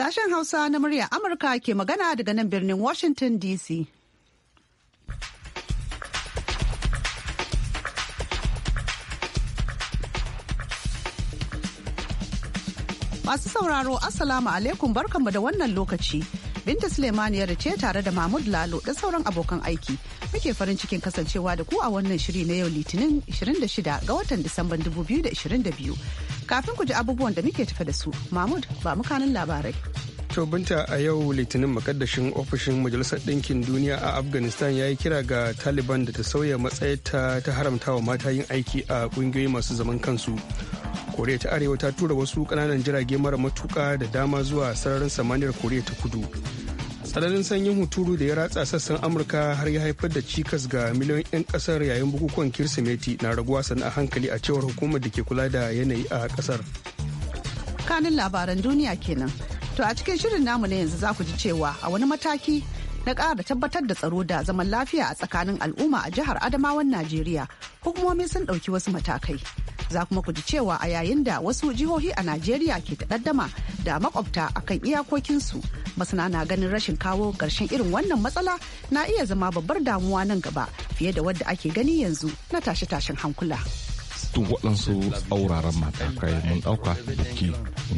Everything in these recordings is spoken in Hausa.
Sashen Hausa na murya Amurka ke magana daga nan birnin Washington DC. Masu sauraro Assalamu alaikum barkanmu da wannan lokaci. Binta Sulemaniyar ce tare da Mahmud Lalo da sauran abokan aiki. Muke farin cikin kasancewa da ku a wannan shiri na yau Litinin 26 ga watan Disamban 2022. Kafin ku ji abubuwan da muke tafa da su, Mahmud ba mukanin labarai. To binta a yau litinin makaddashin ofishin Majalisar Ɗinkin Duniya a Afghanistan ya yi kira ga Taliban da ta sauya matsayarta ta haramtawa mata yin aiki a ƙungiyoyi masu zaman kansu. Koriya ta Arewa ta tura wasu ƙananan jirage mara matuƙa da dama zuwa sararin samaniyar Koriya ta Kudu. tsananin sanyin huturu da ya ratsa sassan amurka har ya haifar da cikas ga miliyoyin 'yan kasar yayin bukukuwan kirsimeti na raguwa sana a hankali a cewar hukumar da ke kula da yanayi a kasar kanin labaran duniya kenan to a cikin shirin namu na yanzu za ku ji cewa a wani mataki na ƙara tabbatar da tsaro da zaman lafiya a tsakanin al'umma a jihar adamawan najeriya hukumomi sun ɗauki wasu matakai za kuma ku ji cewa a yayin da wasu jihohi a najeriya ke taɗaddama da makwabta akan iyakokinsu masana na ganin rashin kawo ƙarshen irin wannan matsala na iya zama babbar damuwa nan gaba fiye da wadda ake gani yanzu na tashe-tashen hankula. duk waɗansu tsauraran matakai mun ɗauka biki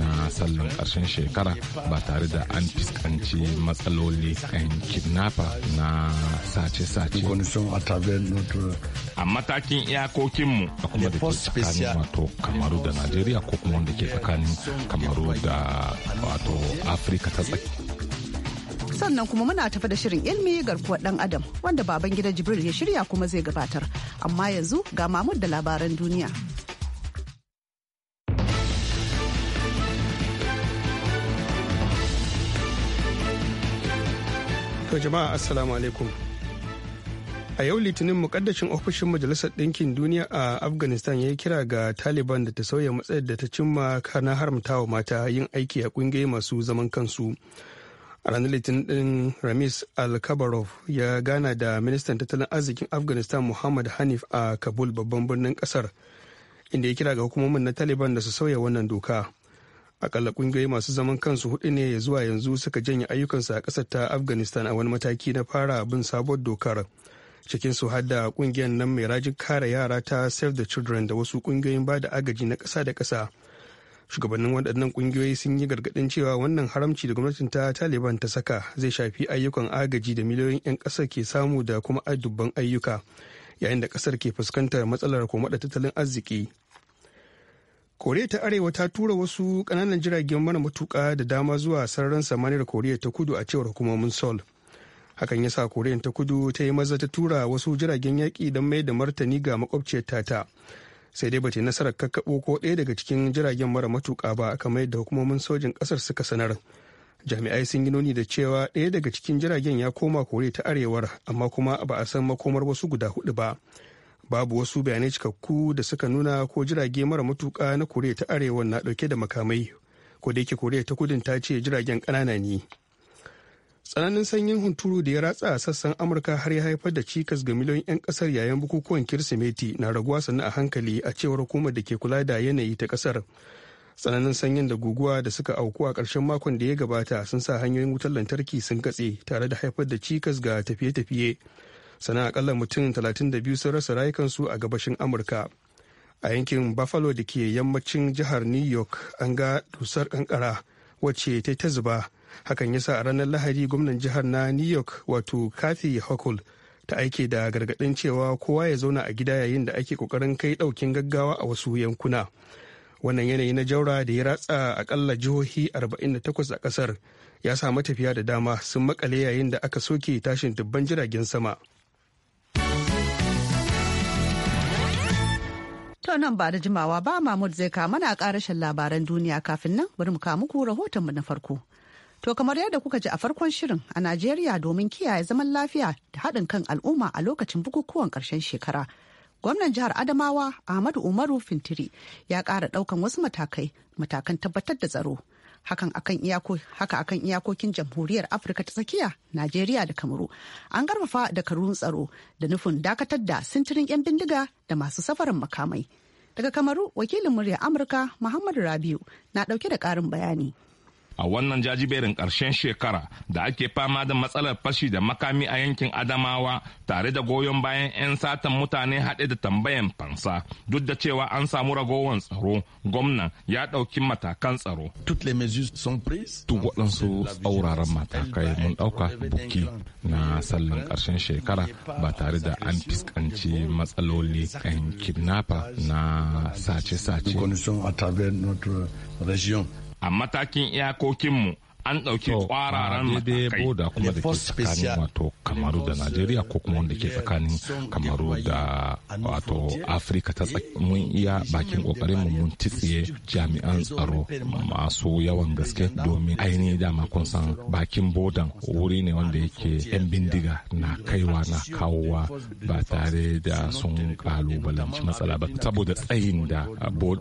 na sallan ƙarshen shekara ba tare da an fuskanci matsaloli an kidnapper na sace-sace a matakin iyakokinmu a kuma da ke tsakanin wato kamaru da najeriya ko kuma wanda ke tsakanin kamaru da wato afirka ta tsaki sannan kuma muna tafi da shirin ilmi garkuwar dan adam wanda baban gida jibril ya shirya kuma zai gabatar amma yanzu ga mamud da labaran duniya To jama'a assalamu alaikum. A yau litinin mukaddashin ofishin Majalisar Ɗinkin Duniya a Afghanistan ya yi kira ga Taliban da ta sauya matsayar da ta cimma kana haramtawa mata yin aiki a ƙungiyoyi masu zaman kansu. a ranar litinin din ramis al-kabarov ya gana da ministan tattalin arzikin afghanistan muhammad hanif a kabul babban birnin kasar inda ya kira ga hukumomin na taliban da su sauya wannan doka akalla kungiyoyi masu zaman kansu hudu ne zuwa yanzu suka janye ayyukansu a kasar ta afghanistan a wani mataki na fara bin sabuwar dokar cikin su hada kungiyar nan mai rajin kare yara ta save the children da wasu kungiyoyin ba da agaji na kasa da kasa shugabannin waɗannan ƙungiyoyi sun yi gargaɗin cewa wannan haramci da gwamnatin ta taliban ta saka zai shafi ayyukan agaji da miliyoyin 'yan ƙasar ke samu da kuma dubban ayyuka yayin da ƙasar ke fuskantar matsalar da tattalin arziki koriya ta arewa ta tura wasu ƙananan jiragen mara matuƙa da dama zuwa sararin samaniyar koriya ta kudu a cewar hukumomin sol hakan ya sa ta kudu ta yi maza ta tura wasu jiragen yaƙi don mai da martani ga makwabciyar tata sai dai bata yi nasarar kakkaɓo ko ɗaya daga cikin jiragen mara matuƙa ba kamar yadda hukumomin sojin ƙasar suka sanar jami'ai sun yi nuni da cewa ɗaya daga cikin jiragen ya koma kore ta arewar amma kuma ba a san makomar wasu guda hudu ba babu wasu bayanai cikakku da suka nuna ko jirage mara matuka na kore ta arewar na ɗauke da makamai ko da yake kore ta kudin ta ce jiragen kanana ne tsananin sanyin hunturu da ya ratsa a sassan amurka har ya haifar da cikas ga miliyoyin 'yan kasar yayin bukukuwan kirsimeti na raguwa sannu a hankali a cewar hukumar da ke kula da yanayi ta kasar tsananin sanyin da guguwa da suka auku a ƙarshen makon da ya gabata sun sa hanyoyin wutar lantarki sun katse tare da haifar da cikas ga tafiye-tafiye sana akalla mutum 32 sun rasa rayukansu a gabashin amurka a yankin buffalo da ke yammacin jihar new york an ga dusar kankara wacce ta ta zuba hakan ya sa a ranar lahadi gwamnan jihar na new york wato kathy hokul ta aike da gargaɗin cewa kowa ya zauna a gida yayin da ake kokarin kai ɗaukin gaggawa a wasu yankuna wannan yanayi na jaura da ya ratsa akalla jihohi 48 a ƙasar ya sa matafiya da dama sun makale yayin da aka soke tashin dubban jiragen sama To nan ba da jimawa ba Mahmud zai kama na ƙarashin labaran duniya kafin nan bari mu kawo muku rahotonmu na farko. To kamar yadda kuka ji a farkon shirin a Najeriya domin kiyaye zaman lafiya da haɗin kan al'umma a lokacin bukukuwan ƙarshen shekara. Gwamnan jihar Adamawa Ahmadu Umaru Fintiri ya ƙara ɗaukan wasu matakai matakan tabbatar da tsaro. Hakan akan haka akan iyakokin jamhuriyar Afirka ta tsakiya, Najeriya da Kamaru. An da dakarun tsaro da nufin dakatar da sintirin 'yan bindiga da masu safarin makamai. Daga Kamaru, wakilin murya Amurka Muhammadu Rabiu na ɗauke da ƙarin bayani. a wannan jajiberin ƙarshen shekara da ake fama da matsalar fashi da makami a yankin adamawa tare da goyon bayan 'yan satan mutane haɗe da tambayan fansa duk da cewa an samu ragowar tsaro gwamnan ya ɗauki matakan tsaro duk waɗansu tsauraran matakai mun ɗauka buki na sallan ƙarshen shekara ba tare da an fuskanci matsaloli kan kidnapper na sace-sace a matakin iyakokinmu an ɗauki kwararan matakai boda kuma da ke tsakanin wato kamaru da najeriya ko kuma wanda ke tsakanin kamaru da wato afirka ta tsakamun iya bakin kokarin mu mun titsiye jami'an tsaro masu yawan gaske domin ainihin dama kun san bakin bodan wuri ne wanda yake yan bindiga na kaiwa na kawowa ba tare da sun kalubalanci matsala ba saboda tsayin da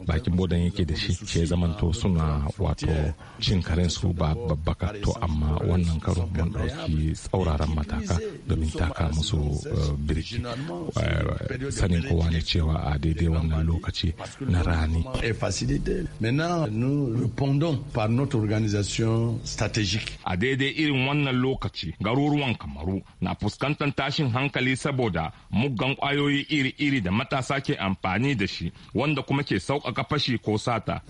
bakin bodan yake da shi ke zamanto suna wato cin karen su ba babbaka to amma wannan karo mun dauki tsauraran mataka domin taka musu eh, birki eh, sanin kowa ne cewa a daidai wannan lokaci na rani a daidai irin wannan lokaci garuruwan kamaru na fuskantar tashin hankali saboda muggan kwayoyi iri-iri da matasa ke amfani da shi wanda kuma ke sauƙaƙa fashi ko sata.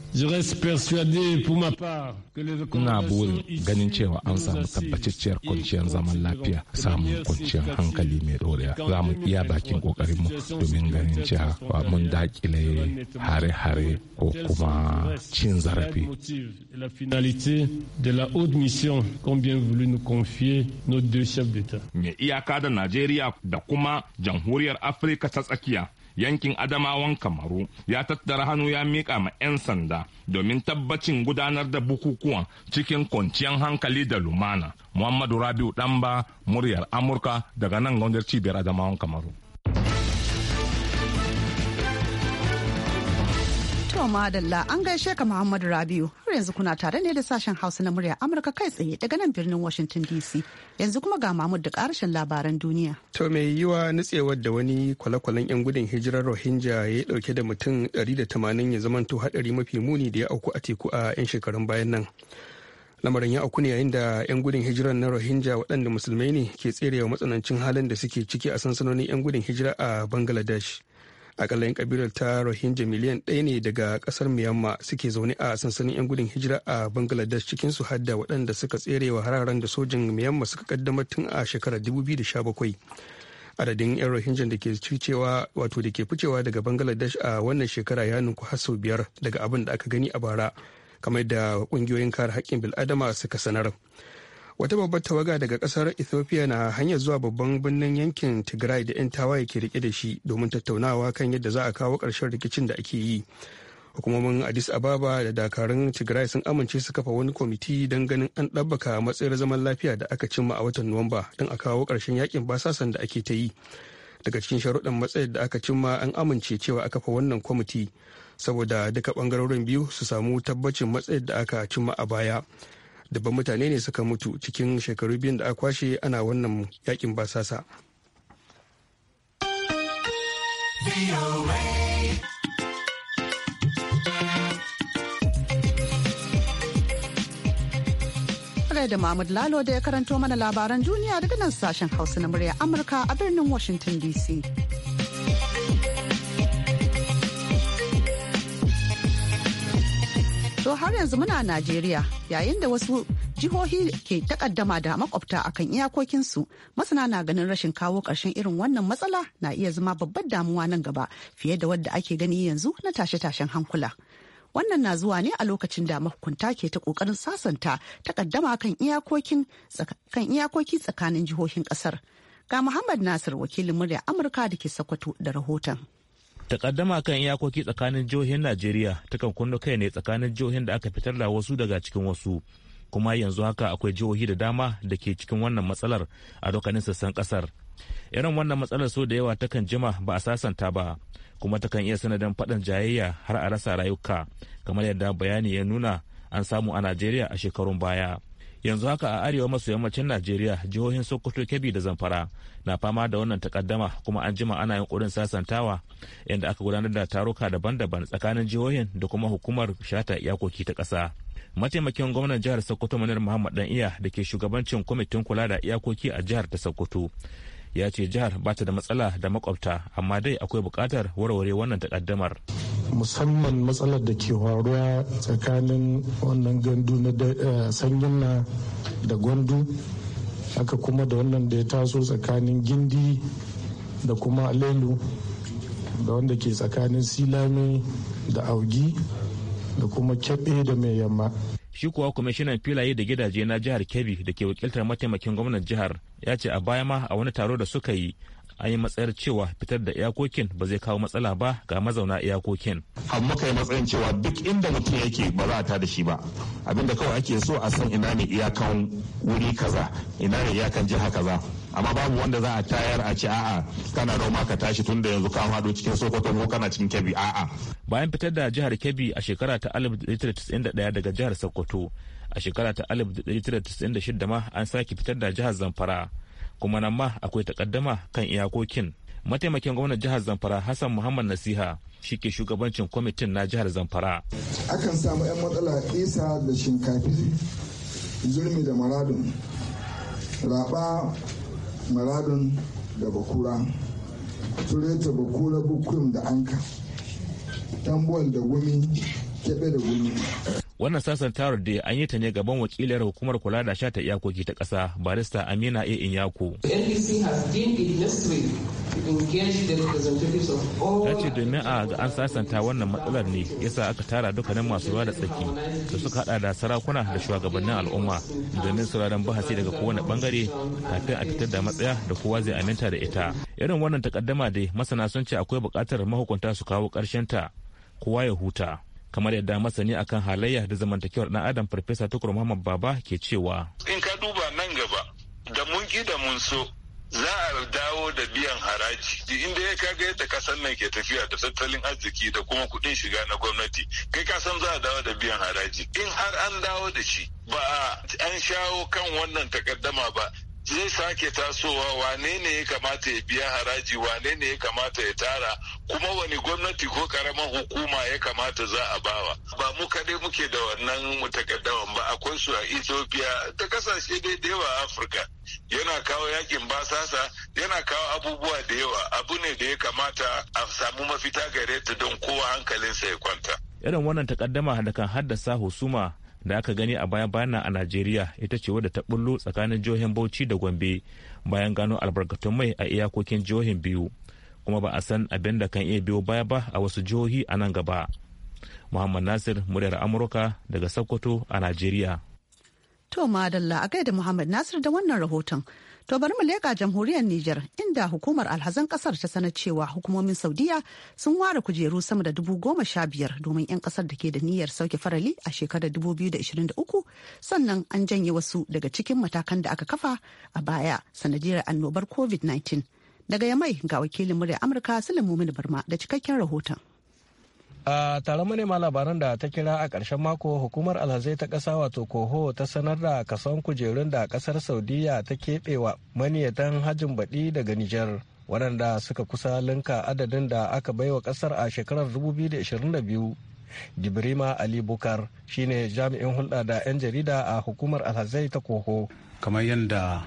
bu ganin cewa an samu tabbatacciyar kwanciyar zaman lafiya samun kwanciyar hankali mai dorewa za mu iya bakin kokarinmu domin ganin cewa mun dakile hare-hare ko kuma cin zarafi la de la haute mission Mai iyaka da Najeriya da kuma jamhuriyar Afirka ta tsakiya yankin adamawan kamaru ya tattara hannu ya miƙa ma 'yan sanda domin tabbacin gudanar da bukukuwan cikin kwanciyar hankali da lumana muhammadu rabiu ɗanba muryar amurka daga nan gaunar cibiyar adamawan kamaru To madalla an gaishe ka Muhammadu Rabiu har yanzu kuna tare ne da sashen Hausa na murya Amurka kai tsaye daga nan birnin Washington DC. Yanzu kuma ga Mahmud da karshen labaran duniya. To mai yiwa nutsewar da wani kwale-kwalen 'yan gudun hijirar Rohingya ya yi dauke da mutum 180 ya zamanto haɗari mafi muni da ya auku a teku a 'yan shekarun bayan nan. lamarin ya auku ne yayin da 'yan gudun hijirar na rohingya waɗanda musulmai ne ke tserewa matsanancin halin da suke ciki a sansanonin 'yan gudun hijira a bangladesh akalla 'yan kabilar ta rohingya miliyan ɗaya ne daga ƙasar myanmar suke zaune a sansanin 'yan gudun hijira a bangladesh cikin su hadda waɗanda suka tsere wa hararen da sojin myanmar suka kaddamar tun a shekarar 2017 adadin 'yan rohingya da ke cicewa wato da ke ficewa daga bangladesh a wannan shekara ya ninku har sau biyar daga abin da aka gani a bara kamar da ƙungiyoyin kare haƙƙin bil'adama suka sanar wata babbar tawaga daga kasar ethiopia na hanyar zuwa babban birnin yankin tigray da 'yan tawaye ke rike da shi domin tattaunawa kan yadda za a kawo karshen rikicin da ake yi hukumomin addis ababa da dakarun tigray sun amince su kafa wani kwamiti don ganin an ɗabbaka matsayar zaman lafiya da aka cimma a watan nuwamba don a kawo karshen yakin basasan da ake ta yi daga cikin sharuɗan matsayar da aka cimma an amince cewa a kafa wannan kwamiti saboda duka ɓangarorin biyu su samu tabbacin matsayar da aka cimma a baya dabban mutane ne suka mutu cikin shekaru biyun da aka kwashe ana wannan yakin basasa. tare da Mahmud Lalo da ya karanto mana labaran duniya daga nan sashen Hausa na murya Amurka a birnin Washington DC. To har yanzu muna Najeriya yayin da wasu jihohi ke takaddama da makwabta akan iyakokinsu masana na ganin rashin kawo ƙarshen irin wannan matsala na iya zama babbar damuwa nan gaba fiye da wadda ake gani yanzu na tashe-tashen hankula. Wannan na zuwa ne a lokacin da mahukunta ke ta ƙoƙarin sasanta takaddama kan iyakoki tsakanin jihohin ƙasar. Ga Muhammad Nasir wakilin murya Amurka da ke Sokoto da rahoton. takaddama kan iyakoki tsakanin jihohin najeriya takan kunno kai ne tsakanin jihohin da aka fitar da wasu daga cikin wasu kuma yanzu haka akwai jihohi da dama da ke cikin wannan matsalar a dukkanin sassan kasar irin wannan matsalar so da yawa takan jima ba a sasanta ba kuma takan iya sanadin faɗan jayayya har a rasa rayuka kamar yadda bayani ya nuna an samu a najeriya a shekarun baya yanzu haka a arewa maso yammacin najeriya jihohin sokoto kebbi da zamfara na fama da wannan takaddama kuma an jima ana yunkurin sasantawa inda aka gudanar da taruka daban-daban tsakanin jihohin da kuma hukumar shata iyakoki ta ƙasa mataimakin gwamnan jihar sokoto manar muhammad dan iya da ke shugabancin kwamitin kula da iyakoki a jihar ta sokoto ya ce jihar ba ta da matsala da makwabta amma dai akwai buƙatar warware wannan takaddamar musamman matsalar da ke faruwa tsakanin wannan gandu na eh, sanyin na da gwandu haka kuma da wannan da ya taso tsakanin gindi da kuma alelu da wanda ke tsakanin silami da augi da kuma kebe da mai yamma shi kuwa kwamishinan filaye da gidaje na jihar kebbi da ke wakiltar mataimakin gwamnan jihar ya ce a baya ma a wani taro da suka yi an yi matsayar cewa fitar da iyakokin ba zai kawo matsala ba ga mazauna iyakokin. Har muka yi matsayin cewa duk inda mutum yake ba za a tada shi ba. Abinda kawai ake so a san ina ne iyakan wuri kaza, ina ne iyakan jiha kaza. amma babu wanda za a tayar a ce a'a kana noma ka tashi tun da yanzu ka hado cikin sokoto ko kana cikin kebbi a'a bayan fitar da jihar kebbi a shekara ta 1991 daga jihar sokoto a shekara ta 1996 ma an sake fitar da jihar zamfara kuma nan ma akwai takaddama kan iyakokin mataimakin gwamnan jihar zamfara hassan muhammad nasiha shi ke shugabancin kwamitin na jihar zamfara akan samu 'yan matsala isa da shinkafi zurmi da maradun raba maradun da bakura tureta bakura bukum da anka tambuwal da gumi kebe da gumi wannan sasantawar da an yi ta ne gaban wakilar hukumar kula da sha ta iyakoki ta kasa barista amina a inyako ta ce domin a ga an sasanta wannan matsalar ne yasa aka tara dukkanin masu ruwa da tsaki da suka hada da sarakuna da shugabannin al'umma domin sauraron bahasi daga kowane bangare kafin a fitar da matsaya da kowa zai aminta da ita irin wannan takaddama dai masana sun ce akwai bukatar mahukunta su kawo ƙarshen ta kowa ya huta kamar yadda masani a kan halayya da zamantakewar dan adam farfesa tukur muhammad baba ke cewa in ka duba nan gaba da mun ki da mun so za a dawo da biyan haraji inda ya kaga yadda kasan nan ke tafiya da tattalin arziki da kuma kuɗin shiga na gwamnati kai kasan za a dawo da biyan haraji in har an dawo da shi ba an shawo kan wannan takaddama ba zai sake tasowa wane ne ya kamata ya biya haraji wane ne ya kamata ya tara kuma wani gwamnati ko karamar hukuma ya kamata za a bawa ba mu kaɗai muke da wannan mutakaddawan ba akwai su a ethiopia ta kasashe dai da yawa a afirka yana kawo yakin basasa yana kawo abubuwa da yawa abu ne da ya kamata a samu mafita gare ta don kowa hankalinsa ya kwanta irin wannan takaddama da kan haddasa husuma da aka gani a baya bana a najeriya ita ce wadda ta bullo tsakanin jihohin bauchi da gombe bayan gano albarkatun mai a iyakokin jihohin biyu kuma ba a san abin da kan iya biyo baya ba a wasu jihohi a nan gaba muhammad nasir muryar amurka daga sokoto a najeriya to madalla a gaida muhammad nasir da wannan rahoton To bari mu leƙa jamhuriyar Nijar inda hukumar alhazan kasar ta sanar cewa hukumomin Saudiya sun ware kujeru sama da dubu goma sha biyar domin 'yan kasar da ke da niyyar sauke farali a shekarar 2023 sannan an janye wasu daga cikin matakan da aka kafa a baya sanadiyar annobar COVID-19. Daga yamai ga wakilin murya Amurka Sulaimu Barma da cikakken rahoton. a taron manema labaran da ta kira a ƙarshen mako hukumar alhazai ta ƙasa wato koho ta sanar da kason kujerun da ƙasar saudiya ta keɓewa maniyatan hajjin baɗi daga nijar waɗanda suka kusa linka adadin da aka baiwa ƙasar a shekarar 2022 jibrima ali bukar shine jami'in hulɗa da 'yan jarida a hukumar alhazai ta koho kamar yadda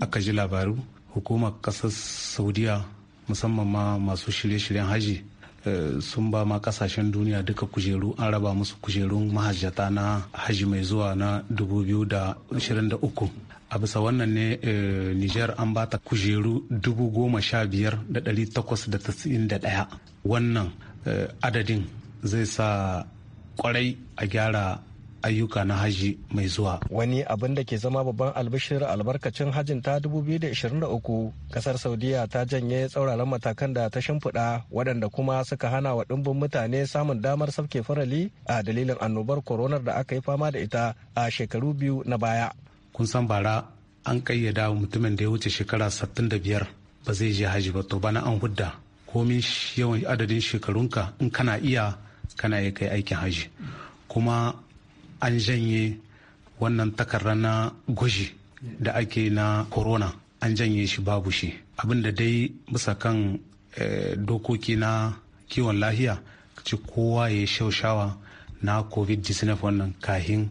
aka ji labaru hukumar ƙasar saudiya musamman ma masu shirye-shiryen haji Eh, sun ba ma kasashen duniya duka kujeru an raba musu kujerun mahajjata na haji mai zuwa na 2023 a bisa wannan ne eh, niger an ba ta kujeru 15,891 wannan eh, adadin zai sa kwarai a gyara ayyuka na haji mai zuwa. Wani abin da ke zama babban albishir albarkacin hajin ta 2023 kasar Saudiya ta janye tsauraran matakan da ta shimfiɗa waɗanda kuma suka hana wa ɗumbin mutane samun damar sauke farali a dalilin annobar koronar da aka yi fama da ita a shekaru biyu na baya. Kun san bara an ƙayyada mutumin da ya wuce shekara da biyar ba zai je haji ba to bana an hudda komin yawan adadin shekarunka in kana iya kana iya kai aikin haji kuma an janye wannan takarar na gwaji da ake na corona an janye shi babu shi abinda dai bisa kan eh, dokoki na kiwon lahiya ci kowa ya shaushawa na covid-19 wannan kahin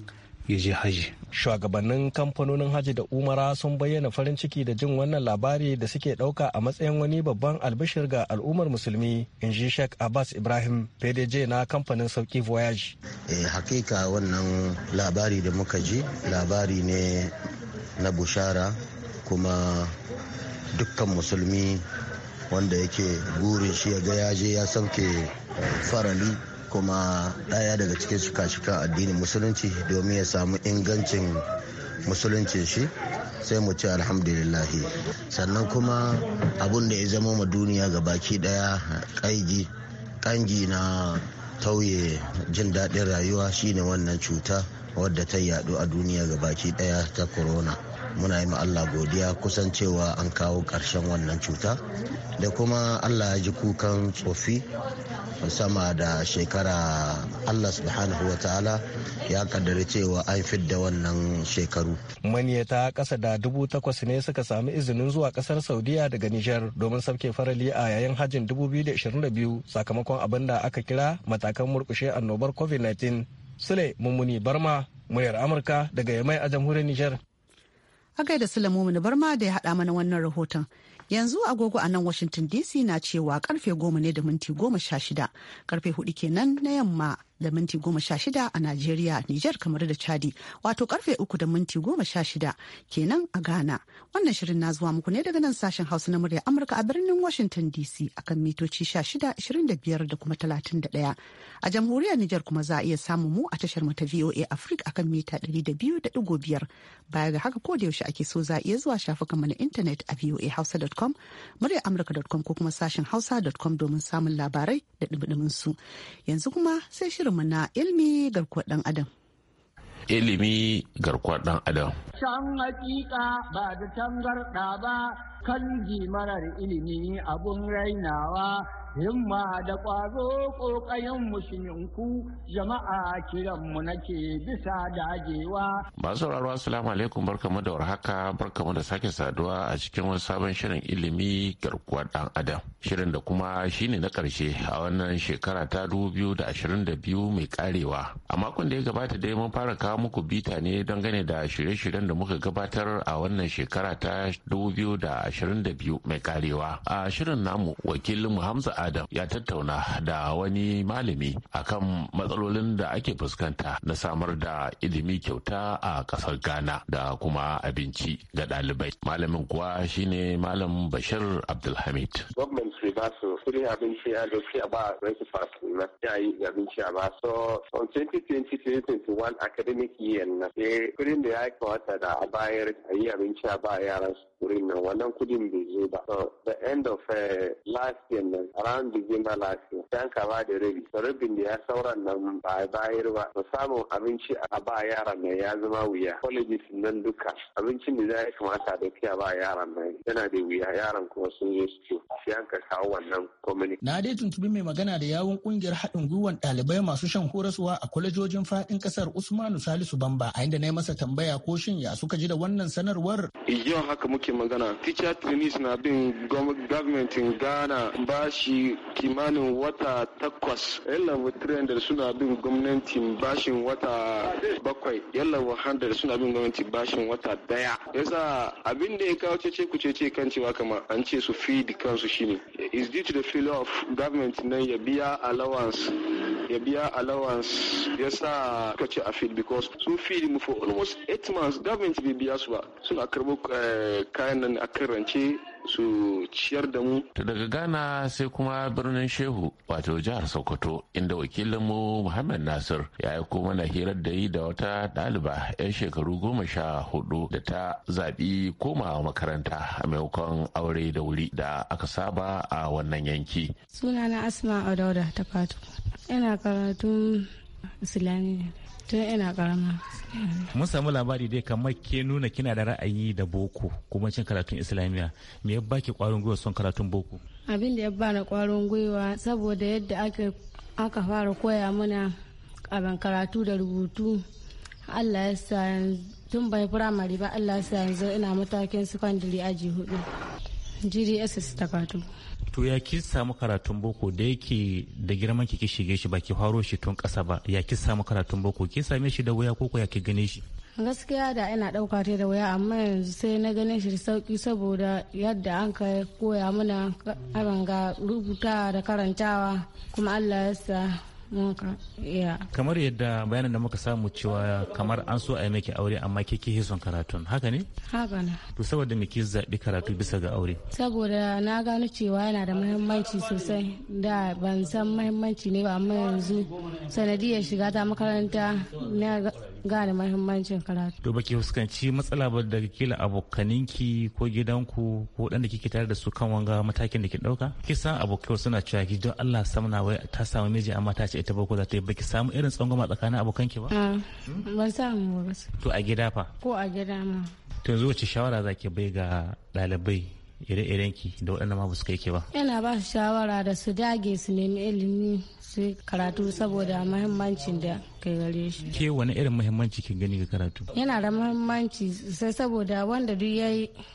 ya je haji shugabannin kamfanonin haji da umara sun bayyana farin ciki da jin wannan labari da suke ɗauka a matsayin wani babban albishir ga al'ummar musulmi in ji sheikh abbas ibrahim pdj na kamfanin sauki voyage eh, hakika wannan labari da muka ji labari ne na bushara kuma dukkan musulmi wanda yake gurin shi ya ga ya je ya sauke eh, farali kuma ɗaya daga cikin shika-shikan addinin musulunci domin ya samu ingancin musulunci shi sai mu ce alhamdulillahi sannan kuma abun da ya zama ma duniya ga baki ɗaya, kaigi kangi na tauye jin daɗin rayuwa shine wannan cuta wadda ta yadu a duniya ga baki ɗaya ta corona muna yi Allah godiya kusan cewa an kawo ƙarshen wannan cuta da kuma Allah ya ji kukan tsofi sama da shekara Allah subhanahu wa ta'ala ya kaddari cewa an fidda wannan shekaru. Maniyata ƙasa da dubu takwas ne suka sami izinin zuwa ƙasar Saudiya daga Nijar domin sauke farali a yayin hajjin 2022 sakamakon abin da aka kira matakan murkushe annobar COVID-19. Sule Mummuni Barma, muryar Amurka daga Yamai a jamhuriyar Nijar. A gaida Sulaimu na Barma da ya haɗa mana wannan rahoton. Yanzu agogo a nan Washington DC na cewa karfe goma ne da minti goma sha shida. Karfe hudu kenan na yamma da minti goma sha shida a Najeriya, Nijar kamar da Chadi. Wato karfe uku da minti goma sha shida kenan a Ghana. Wannan shirin na zuwa muku ne daga nan sashen Hausa na murya Amurka a birnin Washington DC akan mitoci sha shida, ashirin da biyar da kuma talatin da ɗaya. A jamhuriyar Nijar kuma za a iya samun mu a tashar mata ta VOA Africa akan mita 200.5 baya ga haka ko da yaushe ake so za a iya zuwa shafukanmu na intanet a voahausa.com muryar amurka.com ko kuma sashen hausa.com domin samun labarai da dubudumin su. Yanzu kuma sai shirinmu na ilmi garkuwar dan adam. Ilimi garkuwar dan adam. Can hakika ba da tangarda ba kanji marar ilimi abun rainawa himma da ƙwaro ƙoƙayen musulminku jama'a kiranmu nake bisa dagewa. Masu sauraro assalamu alaikum barkamu da warhaka barkamu da sake saduwa a cikin wani sabon shirin ilimi garkuwar ɗan adam. Shirin da kuma shine na ƙarshe a wannan shekara ta biyu mai karewa. A makon da ya gabata dai mun fara kawo muku bita ne dangane da shirye-shiryen da muka gabatar a wannan shekara ta 2022 mai karewa a shirin namu wakilin hamza adam ya tattauna da wani malami akan matsalolin da ake fuskanta na samar da ilimi kyauta a kasar ghana da kuma abinci ga ɗalibai malamin kuwa shine malam bashir abdulhamid gwamnati ba su kudin abinci a gaske a ba breakfast na yayi abinci a ba so on 2020-2021 academic year na sai eh, kudin da ya kawata da a bayar a yi abinci a ba yaran su wurin nan wannan kudin bai zo ba. So, the end of uh, last year nan, around December last year, sai ka ba da rabi. So, rabin da ya sauran nan ba a bayar ba. Ba samun abinci a ba yaran nan ya zama wuya. Colleges nan duka abincin da za ya kamata da fiya ba yaran nan yana da wuya yaran kuma sun zo su ka kawo wannan community. Na dai tuntubi mai magana da yawun kungiyar haɗin gwiwan ɗalibai masu shan horaswa a kwalejojin faɗin ƙasar Usmanu Salisu Bamba. A inda na yi masa tambaya ko shin ya suka ji da wannan sanarwar. Yau haka muke magana. Atlenis na bin in Ghana bashi kimanin wata takwas. Yalawa 300 suna bin gwamnatin bashin wata bakwai. Yalawa 100 suna bin gwamnatin bashin wata daya. Yasa abin da ya kawo cece cece kan cewa kama an ce su fi kansu shine. Is due to the failure of government nan ya biya allowance ya biya allowance ya sa ka ce a field because sun feed mu for almost eight months government bai biya su ba suna karbo eh, kayan nan a kan rance su ciyar da mu. To daga Ghana sai kuma birnin Shehu wato jihar Sokoto inda wakilinmu Muhammad Nasir ya yi aiko na hirar da yi da wata ɗaliba 'yan shekaru goma sha hudu da ta zaɓi komawa makaranta a maimakon aure da wuri da aka saba a wannan yanki. Sunana Asma Odauda ta fatu. Ina karatun Islamiyya. tun ina karama mun samu labari dai kamar ke nuna kina da ra'ayi da boko kuma cin karatun islamiyya me ya baki kwarin gwiwa son karatun boko abin da ya bani kwarin gwiwa saboda yadda aka fara koya mana abin karatu da rubutu Allah ya sa tun bai firamare ba Allah ya sa yanzu ina matakin secondary aji hudu GDS ta kato. To ya ki samu karatun boko da yake da girman ki shige shi ba ki faro shi tun kasa ba ya ki samu karatun boko ki same shi da wuya koko ya ki gane shi. Gaskiya da ina ɗauka ta da wuya amma yanzu sai na gane shi da sauki saboda yadda an ka koya mana abin rubuta da karantawa kuma Allah ya sa kamar yadda bayanin da muka samu cewa kamar an so a yi maki aure amma ke ke son karatun haka ne haka na to saboda me ke zaɓi karatu bisa ga aure saboda na gano cewa yana da muhimmanci sosai da ban san muhimmanci ne ba amma yanzu sanadiyar shiga ta makaranta gane mahimmancin karatu to baki fuskanci matsala ba da kila abokaninki ko gidanku ko dan da kike tare da su kan wanga matakin da ke dauka ki san abokai suna cewa ki don Allah samna wai ta samu miji amma ta ce ita ba ko za ta yi baki samu irin tsangwama tsakanin abokanki ba ah, ban samu ba to a gida fa ko a gida ma to yanzu wace shawara zaki bai ga ɗalibai ire-irenki da waɗanda ma ba su kai ke ba. Yana ba su shawara da su dage su nemi ilimi sai karatu saboda mahimmancin da kai gare shi. Ke wani irin muhimmanci ke gani ga karatu? Yana da muhimmanci sai saboda wanda duk ya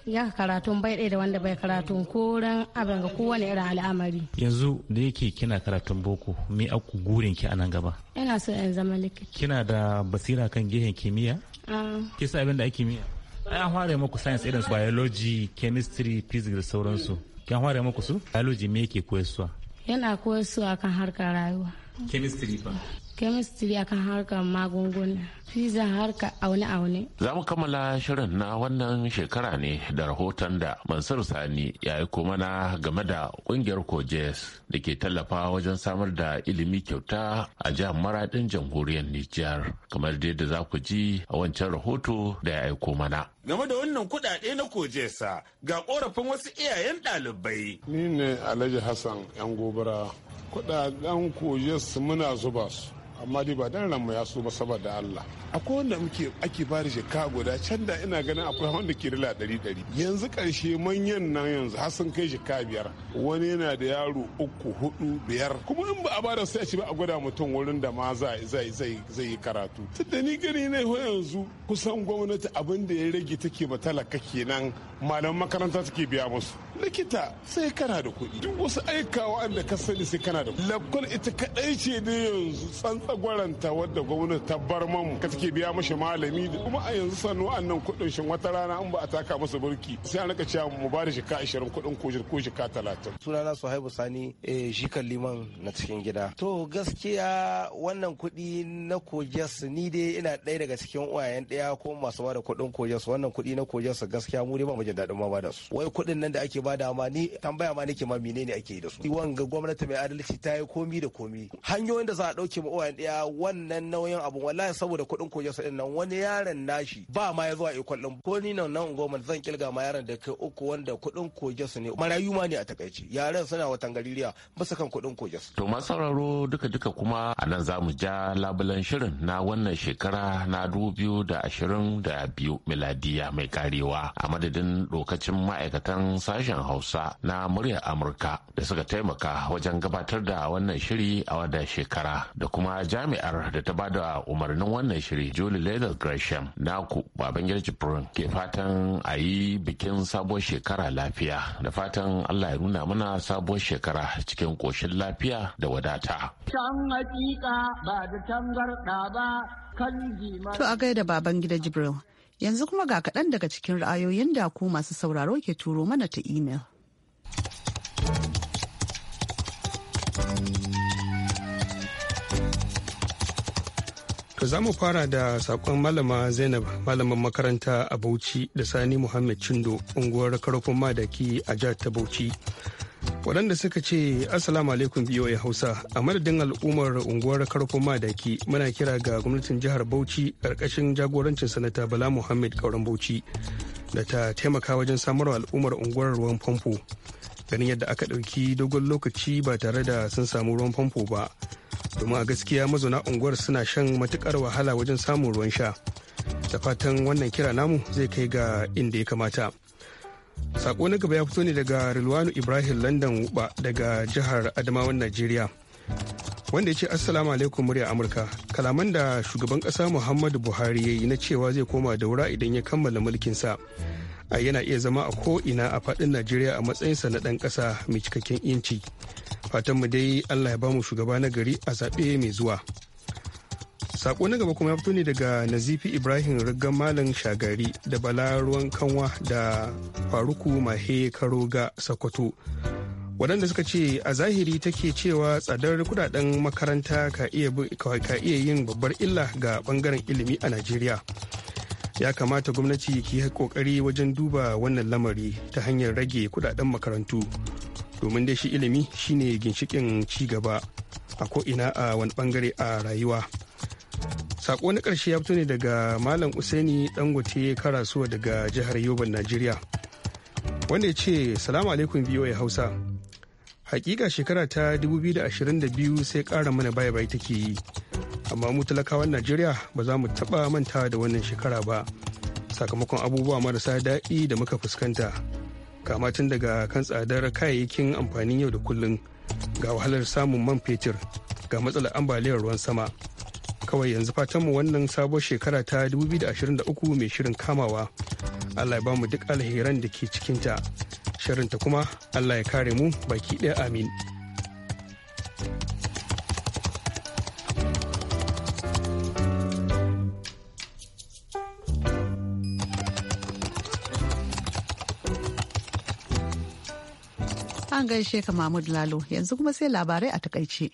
ya karatu bai ɗaya da wanda bai karatu ko ran abin ga kowane irin al'amari. Yanzu da yake kina karatun boko me aku gurin ki a nan gaba? Ina so in zama likita. Kina da basira kan gehen kimiyya? Ah. Ke sa abin da ake miya? An fara muku science irin su biology, chemistry, physics da sauransu. Kin fara muku su? Biology me yake koyarwa? yana koyar su akan harkar rayuwa chemistry ba chemistry akan harkar magunguna fiza harka aune-aune. Za mu kammala shirin na wannan shekara ne da rahoton da Mansur Sani ya yi mana game da kungiyar Kojes da ke tallafa wajen samar da ilimi kyauta a jihar maradin jamhuriyar Nijar kamar dai da za ku ji a wancan rahoto da ya aiko mana. Game da wannan kudade na Kojesa ga korafin wasu iyayen ɗalibai. Ni ne Alhaji Hassan 'yan gobara kudaden Kojes muna zuba su. amma dai ba dan ranmu ya so ba saboda Allah akwai wanda muke ake bada jaka guda can da ina ganin akwai wanda ke dala dari ɗari yanzu karshe manyan nan yanzu har sun kai jaka biyar wani yana da yaro uku hudu biyar kuma in ba a bada sai a ci ba a gwada mutum wurin da ma zai yi karatu tunda ni gani ne ho yanzu kusan gwamnati abin da ya rage take ma talaka kenan malaman makaranta take biya musu likita sai kana da kuɗi duk wasu aikawa da ka sani sai kana da kuɗi lakwal ita kaɗai ce ne yanzu tsantsan da gwaranta wadda gwamnati ta bar mamu ka take biya mashi malami kuma a yanzu sannu annan kuɗin shin wata rana an ba a taka masa burki sai an rika cewa mu ba da shika ashirin kuɗin ko ko shika talatin. sunana suhaibu sani eh, shikan liman na cikin gida. to gaskiya wannan kuɗi na kojas ni dai ina ɗaya daga cikin uwayen ɗaya ko masu ba da kuɗin kojas wannan kuɗi na kojas gaskiya mu dai ba mu jin daɗin ma ba da su. wai kuɗin nan da ake ba da ma ni tambaya ma nake ma menene ake yi da su. wanga gwamnati mai adalci ta yi komi da komi hanyoyin da za a ɗauke ma uwayen ɗaya wannan nauyin abu wallahi saboda kuɗin koyarsa ɗin nan wani yaron nashi ba ma ya zuwa ikon ɗin ko ni nan nan goma zan kilga ma yaron da kai uku wanda kuɗin koyarsa ne marayu ma ne a takaice yaran suna watan gaririya bisa kan kuɗin koyarsa. to masararo sauraro duka duka kuma a nan za mu ja labulan shirin na wannan shekara na dubu da ashirin da biyu miladiya mai karewa a madadin lokacin ma'aikatan sashen hausa na muryar amurka da suka taimaka wajen gabatar da wannan shiri a wadda shekara da kuma jami'ar da ta bada umarnin wannan shiri Julie leonard Gresham naku baban Jibrin ke fatan a yi bikin sabuwar shekara lafiya da fatan Allah ya nuna mana sabuwar shekara cikin koshin lafiya da wadata. To a gaida baban gida Jibril. Yanzu kuma ga kaɗan daga cikin ra'ayoyin da ku masu sauraro ke turo mana ta imel. Za mu fara da sakon malama Zainab malaman makaranta a Bauchi da Sani Muhammad Chindo unguwar Karfin Madaki a jihar ta Bauchi. waɗanda suka ce assalamu alaikum ya hausa a madadin al'ummar unguwar karfin madaki muna kira ga gwamnatin jihar bauchi ƙarƙashin jagorancin sanata bala muhammad kauran bauchi da ta taimaka wajen samarwa al'ummar unguwar ruwan famfo ganin yadda aka ɗauki dogon lokaci ba tare da sun samu ruwan famfo ba domin a gaskiya mazauna unguwar suna shan matukar wahala wajen samun ruwan sha da fatan wannan kira namu zai kai ga inda ya kamata sako na gaba ya fito ne daga rilwanu ibrahim london uba daga jihar adamawan najeriya wanda ya ce assalamu alaikum murya amurka kalaman da shugaban kasa muhammadu buhari ya yi na cewa zai koma daura idan ya kammala mulkinsa yana iya zama a ko ina a faɗin najeriya a matsayinsa na ɗan ƙasa mai cikakken inci fatanmu dai allah ya bamu shugaba na gari a zaɓe mai zuwa sako na gaba kuma ya fito ne daga nazifi ibrahim rigan malam shagari da bala ruwan kanwa da faruku mahe karoga sokoto waɗanda suka ce a zahiri take cewa tsadar kudaden makaranta ka iya yin babbar illa ga bangaren ilimi a najeriya ya kamata gwamnati ki yi kokari wajen duba wannan lamari ta hanyar rage kudaden makarantu domin dai shi ilimi shine ginshikin ci gaba a ko'ina a wani bangare a rayuwa sako na ƙarshe ya fito ne daga malam usaini dangote karasuwa daga jihar yoban najeriya wanda ya ce salamu alaikum ya hausa hakika shekara ta 2022 sai ƙara mana baya bai take yi amma mu talakawan najeriya ba za mu taɓa manta da wannan shekara ba sakamakon abubuwa marasa daɗi da muka fuskanta kama tun daga kan tsadar kayayyakin amfanin yau da kullum ga wahalar samun man fetur ga matsalar ambaliyar ruwan sama kawai yanzu fatanmu wannan sabon shekara ta 2023 mai shirin kamawa allah ya ba duk alheran da ke cikinta shirinta kuma allah ya kare mu baki ɗaya amin An gaishe ka Mahmud Lalo yanzu kuma sai labarai a takaice.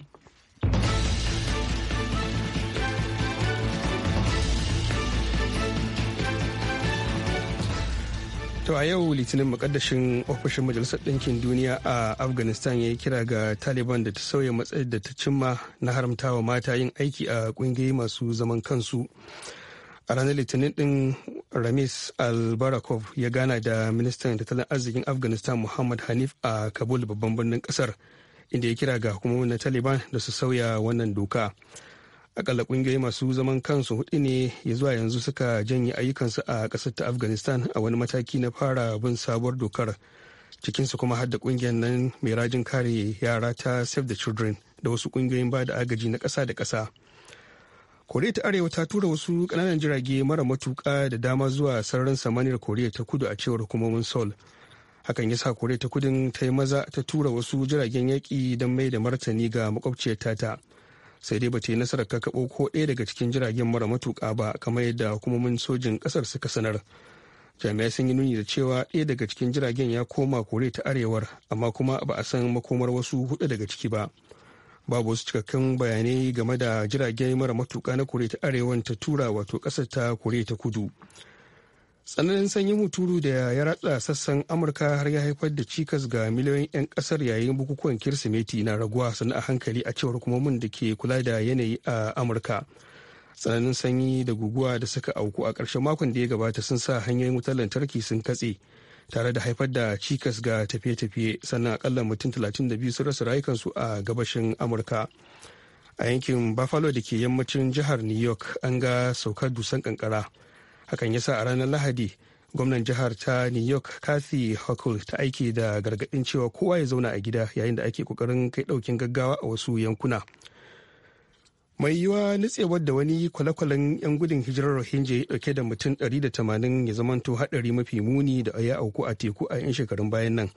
To a yau litinin makaddashin ofishin majalisar ɗinkin duniya a Afghanistan ya yi kira ga Taliban da ta sauya matsayin da ta cimma na haramtawa mata yin aiki a ƙungiyoyi masu zaman kansu. A ranar litinin ɗin ramis albarakov ya gana da ministan tattalin arzikin afghanistan muhammad hanif a kabul babban birnin kasar inda ya kira ga hukumomin na taliban da su sauya wannan doka akalla kungiyoyi masu zaman kansu hudu ne ya zuwa yanzu suka janye ayyukansu a kasar ta afghanistan a wani mataki na fara bin sabuwar dokar cikinsu kuma hadda kungiyar nan mai rajin kare yara ta save the children da wasu kungiyoyin ba da agaji na kasa da kasa koriya ta arewa ta tura wasu kananan jirage mara matuƙa da dama zuwa sararin samaniyar koriya ta kudu a cewar hukumomin seoul hakan ya sa koriya ta kudin ta yi maza ta tura wasu jiragen yaƙi don mai da martani ga makwabciyar tata sai dai bata yi nasarar kakaɓo ko ɗaya daga cikin jiragen mara matuka ba kamar yadda hukumomin sojin ƙasar suka sanar jami'ai sun yi nuni da cewa ɗaya daga cikin jiragen ya koma koriya ta arewar amma kuma ba a san makomar wasu hudu daga ciki ba. babu wasu cikakkun bayanai game da jirage mara matuka na kure ta arewa ta tura wato kasar ta kure ta kudu tsananin sanyin huturu da ya ratsa sassan amurka har ya haifar da cikas ga miliyoyin 'yan kasar yayin bukukuwan kirsimeti na raguwa sannan a hankali a cewar kuma mun da ke kula da yanayi a amurka tsananin sanyi da guguwa da suka auku a ƙarshen makon da ya gabata sun sa hanyoyin wutar lantarki sun katse tare da haifar da cikas ga tafiye-tafiye sannan akalla mutum 32 sun rasa rayukansu a gabashin amurka a yankin buffalo da ke yammacin jihar new york an ga saukar dusan kankara hakan yasa a ranar lahadi gwamnan jihar ta new york kathy Hochul ta aiki da gargadin cewa kowa ya zauna a gida yayin da ake kokarin kai daukin gaggawa a wasu yankuna mai yiwuwa nutsewar da wani kwalekwalen 'yan gudun hijirar rohingya ya dauke da mutum 180 ya zamanto hadari mafi muni da ya auku a teku a 'yan shekarun bayan nan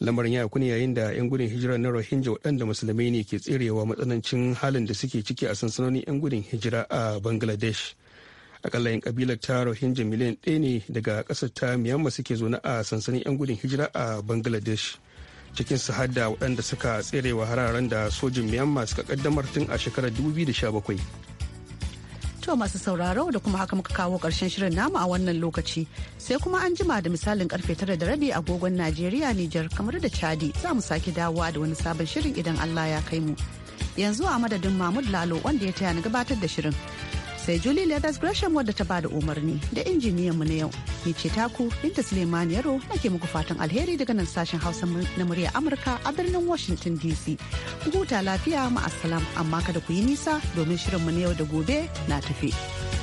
lamarin ya kuni yayin da 'yan gudun hijirar na rohingya waɗanda musulmai ne ke tserewa matsanancin halin da suke ciki a sansanonin 'yan gudun hijira a bangladesh akalla 'yan kabilar ta rohingya miliyan ɗaya ne daga ƙasar ta myanmar suke zaune a sansanin 'yan gudun hijira a bangladesh cikin su hadda waɗanda suka tserewa hararen da sojin myanmar suka kaddamar tun a shekarar 2017 To masu sauraro da kuma haka muka kawo ƙarshen shirin namu a wannan lokaci sai kuma an jima da misalin karfe tara da rabi agogon Najeriya Nijar kamar da Chadi za mu sake dawowa da wani sabon shirin idan Allah ya kai mu. Yanzu a madadin Mahmud Lalo wanda ya taya na gabatar da shirin sai juli Leathers Gresham wadda ta bada umarni da injiniyan mu na yau. Ni ce taku Binta Suleiman Yaro nake muku fatan alheri daga nan sashen Hausa na murya Amurka a birnin Washington DC. Ku huta lafiya ma amma kada ku yi nisa domin shirin mu na yau da gobe na tafi.